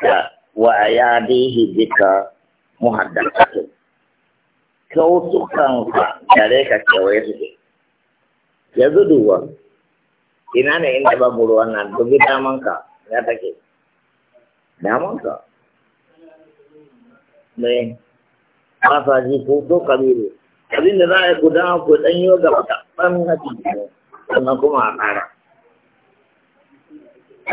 da wa ayadihi bika muhaddatatu kyautukan ka tare ka kewaye su yanzu duba ina ne inda babu ruwan nan dubi damanka ya take damanka Me. ba sa ji ko to kabiru abin da za a yi guda ko dan yi ga wata ɗan na cikin sannan kuma a ƙara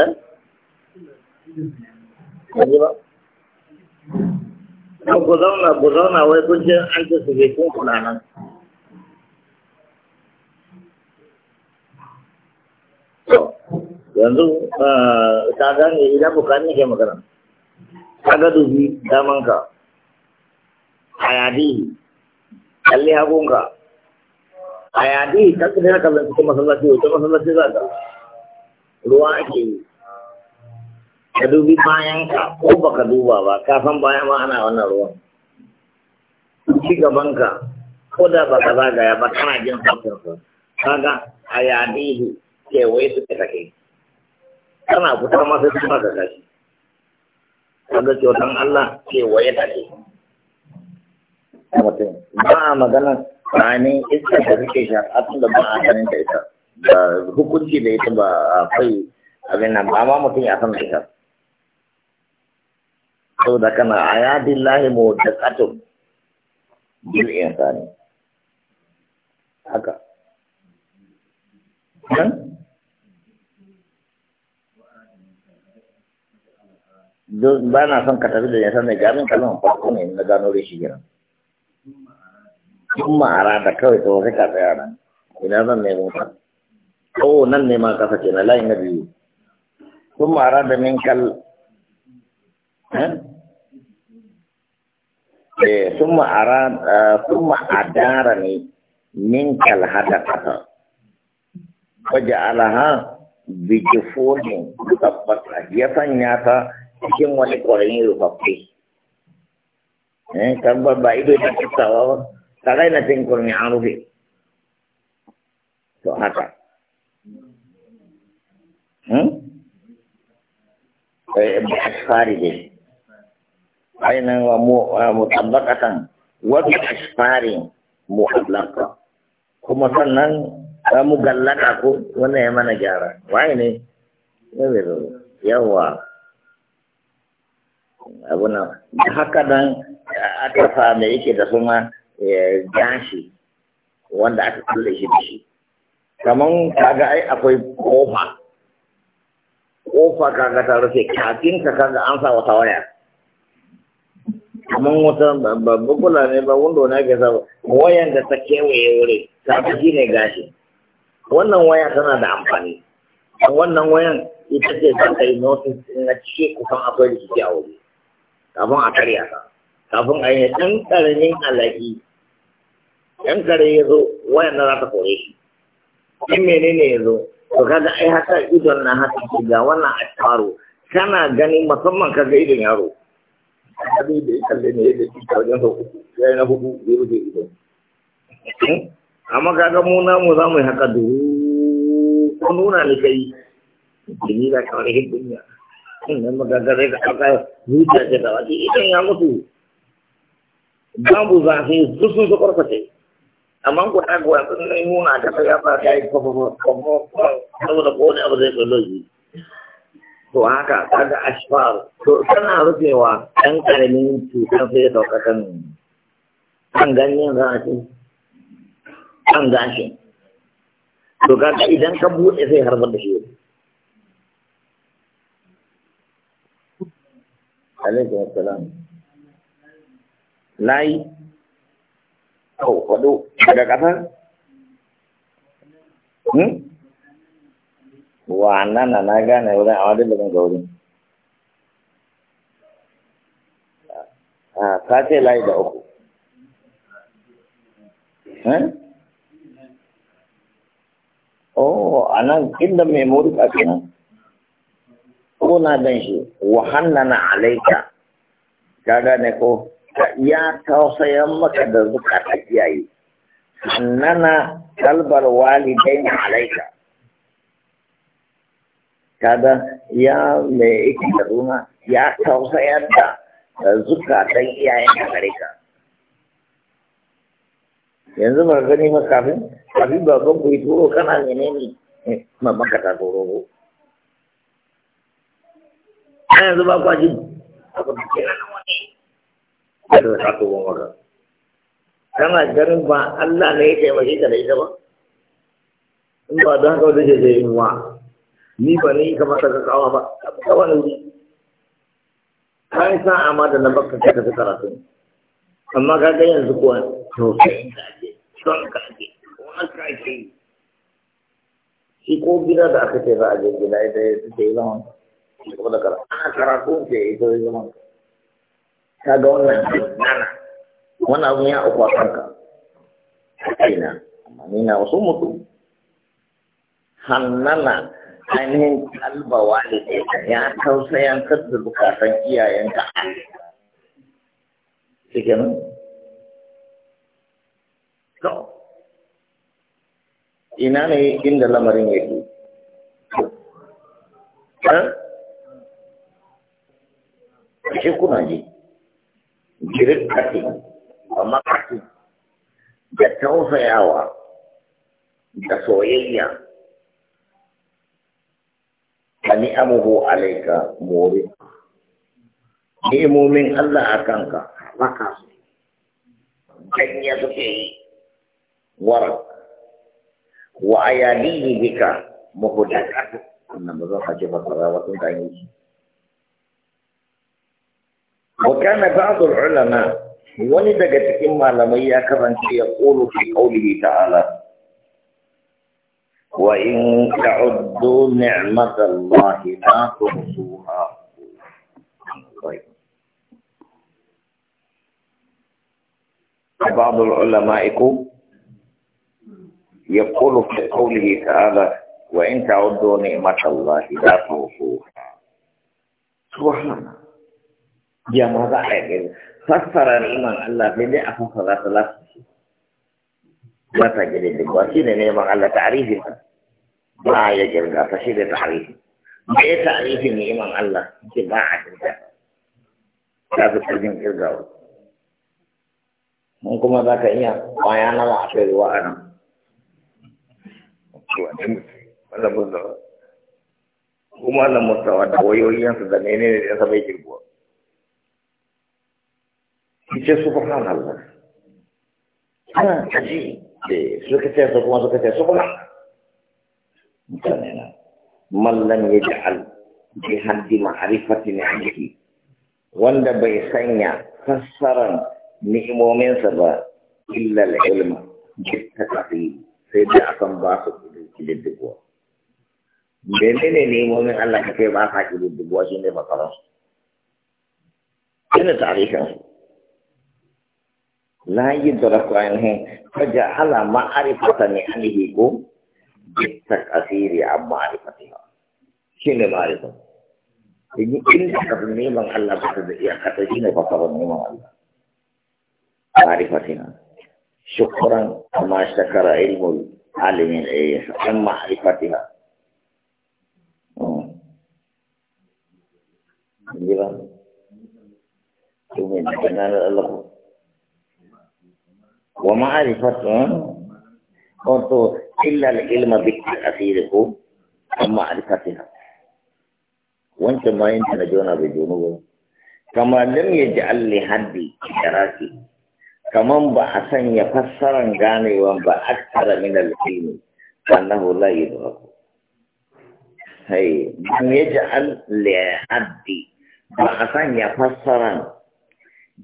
eh? kaji na ku zauna ku zauna wai kun ce an ce su ke kun kula nan yanzu ta ah, gane idan bukani ke magana ka ga dubi damanka hayadi kalli hagunka hayadi ta kudin ka zai cikin masallaci wajen masallaci za ka ruwa ake yi ka dubi bayan ka ko baka duba ba ka san bayan ma ana wannan ruwan ci gaban ka ko da ba ka zagaya ba kana jin sautin sa kaga a yadihi kewaye su ka take kana fitar masa su ka gashi kaga kyautan Allah kewaye take mutum ba a magana tsakanin iska da suke tun da ba a ganin ta ita da hukunci da ita ba a kai abin nan ba ma mutum ya san da ita saboda kana ayadillahi muwaddaqatun bil sani, haka don ba na son ka tafi da yasan da gamin kalmar farko ne na gano da shi gina kun ma'ara da kawai ta wasu ka tsaya ina zan nemo ka ko nan nema kasa ke na layi na biyu Sun ma'ara da min kal ثم أراد ثم أدارني منك الهدفة وجعلها بجفون مطبقة يسنى cikin wani ƙwararren rufaffe eh, tabbar ba ido ta kistawa ba ta raina cin kurmi an rufe to haka ba a fari aina wa mutabbakatan wata asfarin mu'allaka kuma sannan za mu gallaka ko wannan ya mana gyara wai ne yawa abunan da haka nan aka same yake da suna eh, gashi wanda aka kulle shi da shi kaman kaga ai akwai kofa kofa kaga ta rufe kafin ka kaga an sa wata waya kamar wata babban kula ne ba wanda wani ake sabu wayan da ta kewaye wuri ta fi shi ne gashi wannan waya tana da amfani wannan wayan ita ce ta kai notin na cike kusan akwai rikici a wuri kafin a karya ta kafin a yi ɗan ƙaramin alaƙi ɗan kare ya zo wayan na za ta kore shi in menene ya zo to kaga ai haka idon na haka shiga wannan a taro kana gani musamman kaga idon yaro annabi da ya kalle ne yadda ya na mu za mu yi haka duhu ko nuna ni kai jini da kawar dunya nan aka zuciya ce da wani idan ya mutu babu zafi duk sun zukurka ce amma ku ta goya sun nuna ta ya ta yi to haka kaga ashfar to tana rubewa ɗan karamin cutar sai sauka kan kan ganyen za shi? An kan gashin to kaga idan ka buɗe sai harbar da shi alaikum assalam layi oh wado daga ƙasa hmm? wannan na na gane wurin a wadda daga ga wurin ah, ka ce layi da uku eh? oh a nan inda mai murka kenan ko na gan shi wahannana alaika ka gane ko ya maka da zukata iyaye hannana kalbar alaika Kada ya mai yake da runa ya tausayar da zukatan iyayen da gare ka yanzu ba gani ma kafin kafin ba ku yi turo kana menene eh, ma baka ta turo ko a yanzu ba kwa abu da ke nan wani a da ta turo maka kana ganin ba Allah ne ya taimake ka da ita ba in ba don haka wata ce zai yi wa ni ba ne kamata ka kawo ba kawai wani ka yi sa ma da na baka ka tafi karatu amma ka ga yanzu kuwa to ka je son ka je kuma ka je shi ko gida da aka ce za a je gida ita ya ce yi zaman shi kuma da karatu ana karatu ce ita ya zaman ka ga wannan nana wani abu ya uku a kanka ina amma ni na wasu mutum hannana ainihin kalba walidai ya tausayantar da bukatan iyayenka cikin so ina ne inda lamarin yake shi kuna ji jirin kati a makati da tausayawa da soyayya ni'amuhu alaika muri ni'imomin Allah akan ka maka su ganye suke yi warar wa ayadihi bika muhudakatu wannan ba zan haje masara wasu da yi shi wa kana ba'd ulama wani daga cikin malamai ya karanta ya qulu fi qawlihi ta'ala وإن تعدوا نعمة الله لا تحصوها طيب بعض العلماء يقول في قوله تعالى وإن تعدوا نعمة الله لا تحصوها سبحان الله يا ماذا فسر الإيمان الله بدأ فسر ثلاث ba ta gidan dubba shi ne neman Allah ta'arifin ba ya girga ta shi da ta'arifin me ya ta'arifin neman Allah ce ba a girga ta fi ƙarfin girgawa mun kuma za ka iya kwaya nawa a kai ruwa a nan kuma Allah mustawa da wayoyinsa da ne ne da ya bai girguwa ce subhanallah ana taji Eh, suka ce kuma suka ce su mutane na mallan ya ji al bi haddi ma'arifati ne aiki wanda bai sanya fassaran ni'imominsa ba illa ilma bi taqdiri sai da akan ba su kididdigowa menene ni'imomin Allah ka kai ba ka kididdigowa shine makaransu shine tarihin su la yudraku anhu faja'ala ma'rifatan anhu ku bitakasiri ma'rifatiha shine ma'rifah ini ini kata memang Allah kata ya kata ini fasaran memang Allah ma'rifatiha syukuran kama syakara ilmu alimin ayah ma'rifatiha Jangan, hmm. cuma jangan Allah wa ma'rifatu wato illa al-ilma bi ta'sirihi amma al-fatiha wancan ma yin tana jona bai jono ba kama lam yaj'al li haddi sharaki kaman ba a sanya fassaran ganewan ba aksara min al-ilmi haddi ba a sanya fassaran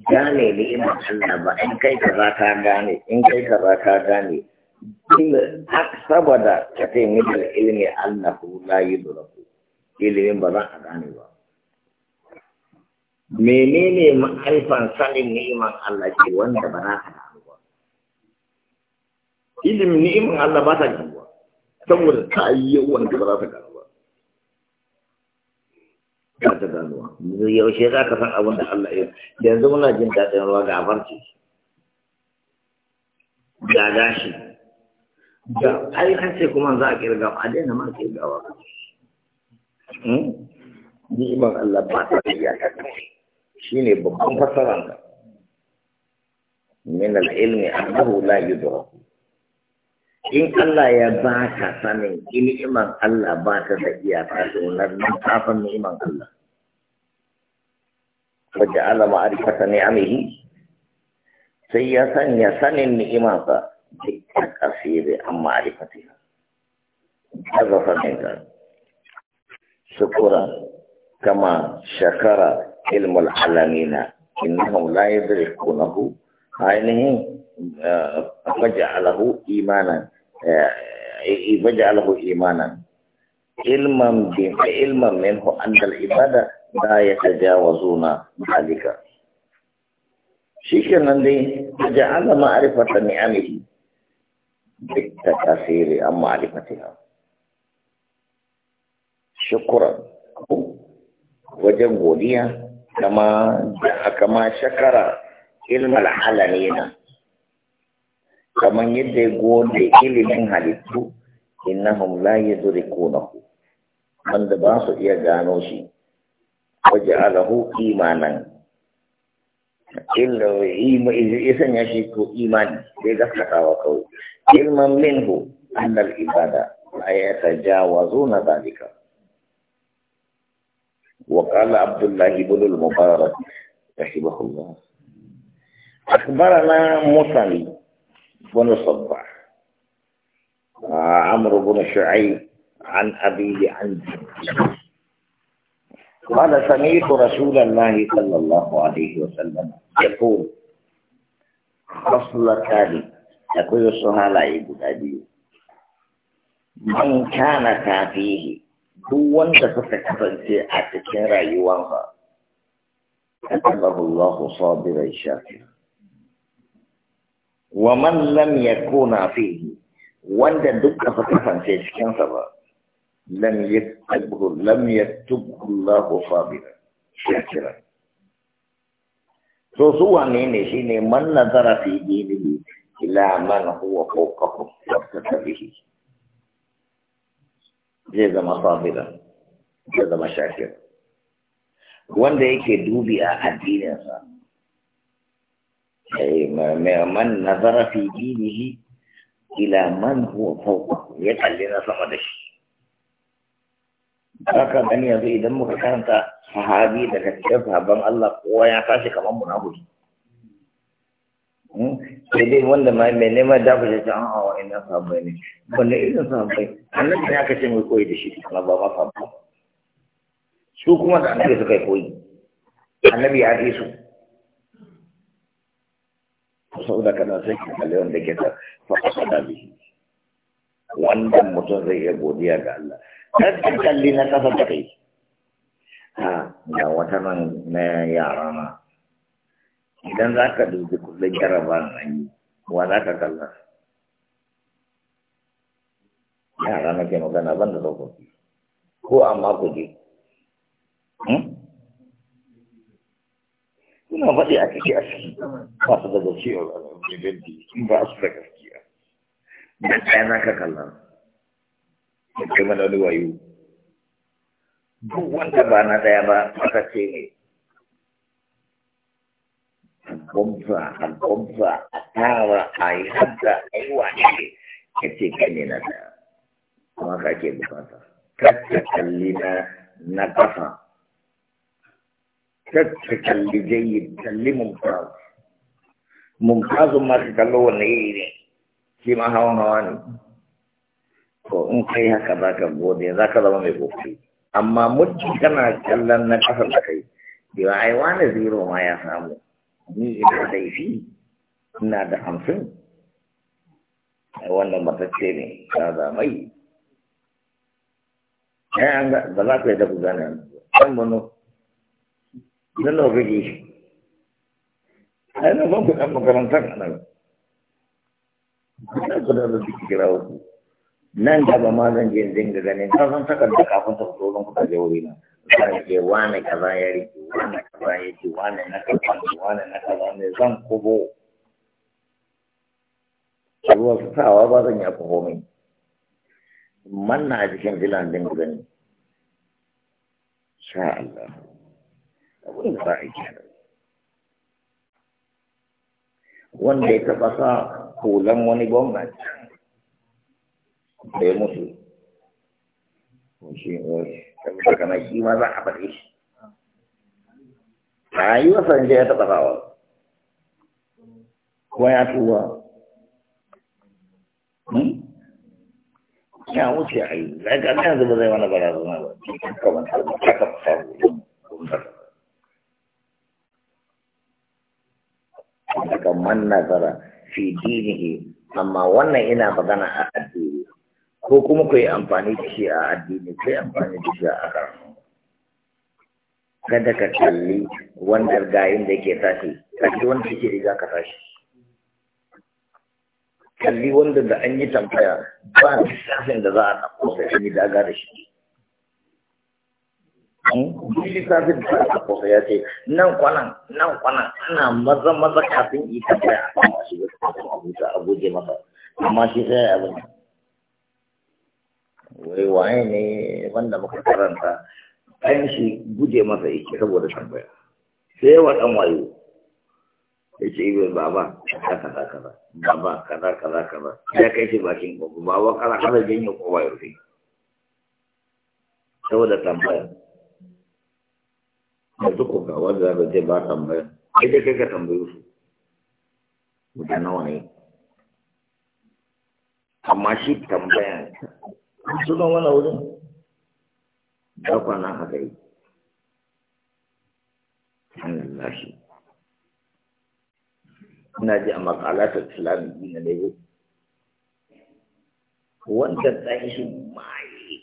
gane ni'imar Allah ba in kai ka za ka gane in kai ka za ka gane saboda ka ce midal ilmi annahu la yudraku ilimin ba za a gane ba menene ma'aifan sanin ni'imar Allah ke wanda ba za ka gane ba ilimin ni'imar Allah ba ta gane ba saboda ta yi yawan da ba za ta gane ba ta ganuwa yaushe za ka san abin da Allah ya yanzu muna jin daɗin ruwa ga farce ga gashi ga ai an ce kuma za a kirga a daina ma ni hmm? ni'imar Allah ba ta ya ta shi ne babban fasaran ka min al-ilmi annahu la yudra in Allah ya ba ka sanin ilimin Allah ba ta da iyaka don nan ka ni iman Allah وجعل معرفة نعمه سيئة يسن النعمة جدك أسير عن معرفتها هذا فمنك شكرا كما شكر علم العالمين إنهم لا يدركونه عينه آه، فجعله إيمانا آه، فجعله إيمانا علما علما منه أن العبادة wa zuna halika nan dai duk da kasiri an عن ha? شكرا wajen godiya kama ma shakara halani na. kaman yadda ya gode ilimin halittu innahum la yudrikunahu wanda ba su iya gano shi waja'alahu imanan illa isan ya shi ko imani sai gaskatawa kawai ilman minhu annal ibada la yatajawazuna dhalika وقال عبد الله بن المبارك رحمه الله أخبرنا مصلي بن عمرو بن شعيب عن أبيه عن جده قال سمعت رسول الله صلى الله عليه وسلم يقول خصلتان يقول الصهالة يقول أبي من كان فيه duwan da suka kasance a cikin rayuwansa, Allahullahu sabirai shafi. Waman lam ya kuna fi wanda duk da suka kasance cikinsa ba, لم يتبه لم يتبه الله صابرا شاكرا so su wane ne shi ne man nazara fi dinihi ila man huwa fawqahu wa bihi zai zama sabira zai zama shakir wanda yake dubi a addininsa eh, man nazara fi dinihi ila man huwa fawqahu ya kalli na sama da shi haka gani yanzu idan muka karanta sahabi daga cikin sahabban Allah kowa ya tashi kamar mu munafiki hmm? sai dai wanda ma mai neman dafa shi an hawa ina sahabai ne wanda irin sahabai, annabi ne aka ce mai koyi da shi kuma ba ma sahabu. su kuma da annabi suka yi koyi annabi ya fi su Sau da kana sai ki kalli wanda ke ta fa'a da bihi wannan mutum zai iya godiya ga Allah kada kalli na kasa ta kai a ga wata nan na yara ma idan za ka dubi kullum jaraban na yi wa za ka kalla yara na ke magana ban da tsofaffi ko amma ku je suna faɗi a kake a ciki ba su da gaske ba su da gaskiya da ɗaya na ka kalla da mana wayo duk wanda ba na daya ba aka ce ne a gobza a tara a yi hadda a yi wane ne ka ce kai ne na daya kuma ka ke kalli kalli kalli ma ka ma hawan to in kai haka za ka gode za ka zama mai kokari amma mutum kana kallon na ƙasar da kai cewa ai wani zero ma ya samu ni ina da ifi ina da hamsin ai wannan matacce ne ta zamai ai an ga ba za ku yi da ku gane ɗan mano don nawa shi ai na ban ku ɗan makarantar a nan ku ɗan ku da da kira ku. nan gaba ma zan je dinga ganin ka san saka da kafin ta fito don kuka je wuri na zan je wani kaza ya rike wani kaza ya ce wani na kaza wani na kaza ne zan kubo ruwa su sawa ba zan yi kubo mai manna a cikin filan dinga gani sha Allah abin da za a yi wanda ya taɓa sa hulan wani gwamnati da ya mutu shi saboda kana shi ma za a faɗe shi rayuwarsa ne ya taɓa rawa kuma ya tuba hmm? ya wuce a yi daga ɗan yanzu ba zai wani barazana ba kamar ta ba ta taɓa samu daga man nazara fi dinihi amma wannan ina magana a addini ko kuma ku yi amfani da shi a addini ku yi amfani da shi a karatu kada ka kalli wanda gayin da yake tashi kalli wanda yake riga ka tashi kalli wanda da an yi tambaya ba lissafin da za a ɗauko sai an yi daga da shi hmm? duk lissafin da za a ɗauko sai ya ce nan kwanan nan kwanan ana maza maza kafin yi tambaya a kan masu yi a abuja abuja masa amma shi sai ya abin wai waye ne wanda muka karanta ɗan shi guje masa yake saboda tambaya sai wa ɗan wayo ya ce ibe baba kaza kaza baba kaza kaza kaza ya kai shi bakin gobe baba kaza kaza janyo kowa ya rufe saboda tambaya yanzu ko ga wanda zaka ce ba tambaya ai dai kai ka tambayi su guda nawa ne amma shi tambayan sunan wani wurin da kwana haka yi hannun nashi ina ji a makalatar islami na lagos wanda tsaye shi maye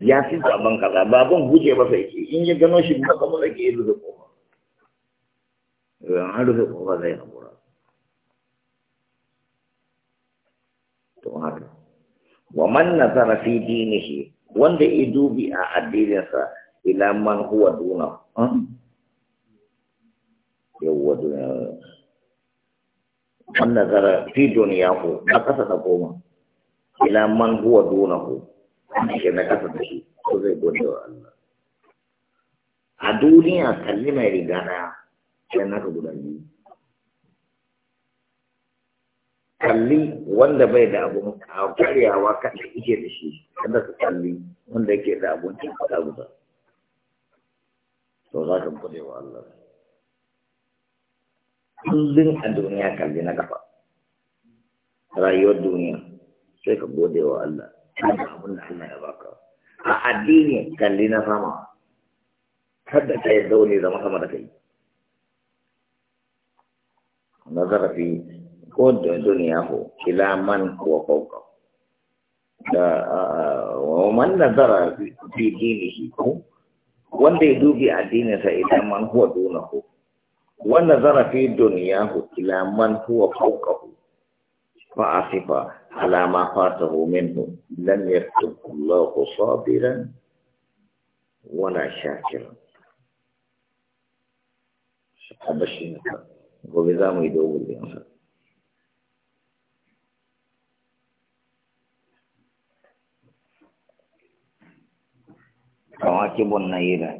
ya fi zaben kaza baban guje ba sai ke in ya gano shi ba kamar da ke rufe kofa an rufe kofa zai haƙura don haka wa man nazara fi dinihi wanda ya dubi a addininsa ila man huwa duna yawwa duna man nazara fi duniyahu na kasa da goma ila man huwa dunahu shi na kasa da shi ko zai gode wa Allah a duniya kalli mai riga na sai naka kalli wanda bai da abun karyawa kada ike da shi kada ka kalli wanda yake da abun cin faɗa guda to za ka gode wa Allah kullum a duniya kalli na kafa rayuwar duniya sai ka gode wa Allah kada abun da Allah ya baka a addini kalli na sama kada ka yi zaune zama sama da kai nazara ko duniyahu ila man huwa fawqa da man nazara fi dinihi ko wanda ya dubi addininsa ila man huwa dunahu wa nazara fi duniyahu ila man huwa fawqahu fa asifa ala ma fatahu minhu lam yaktubu Allahu sabiran wala shakiran a bashi gobe za mu yi dogon yansa na yera.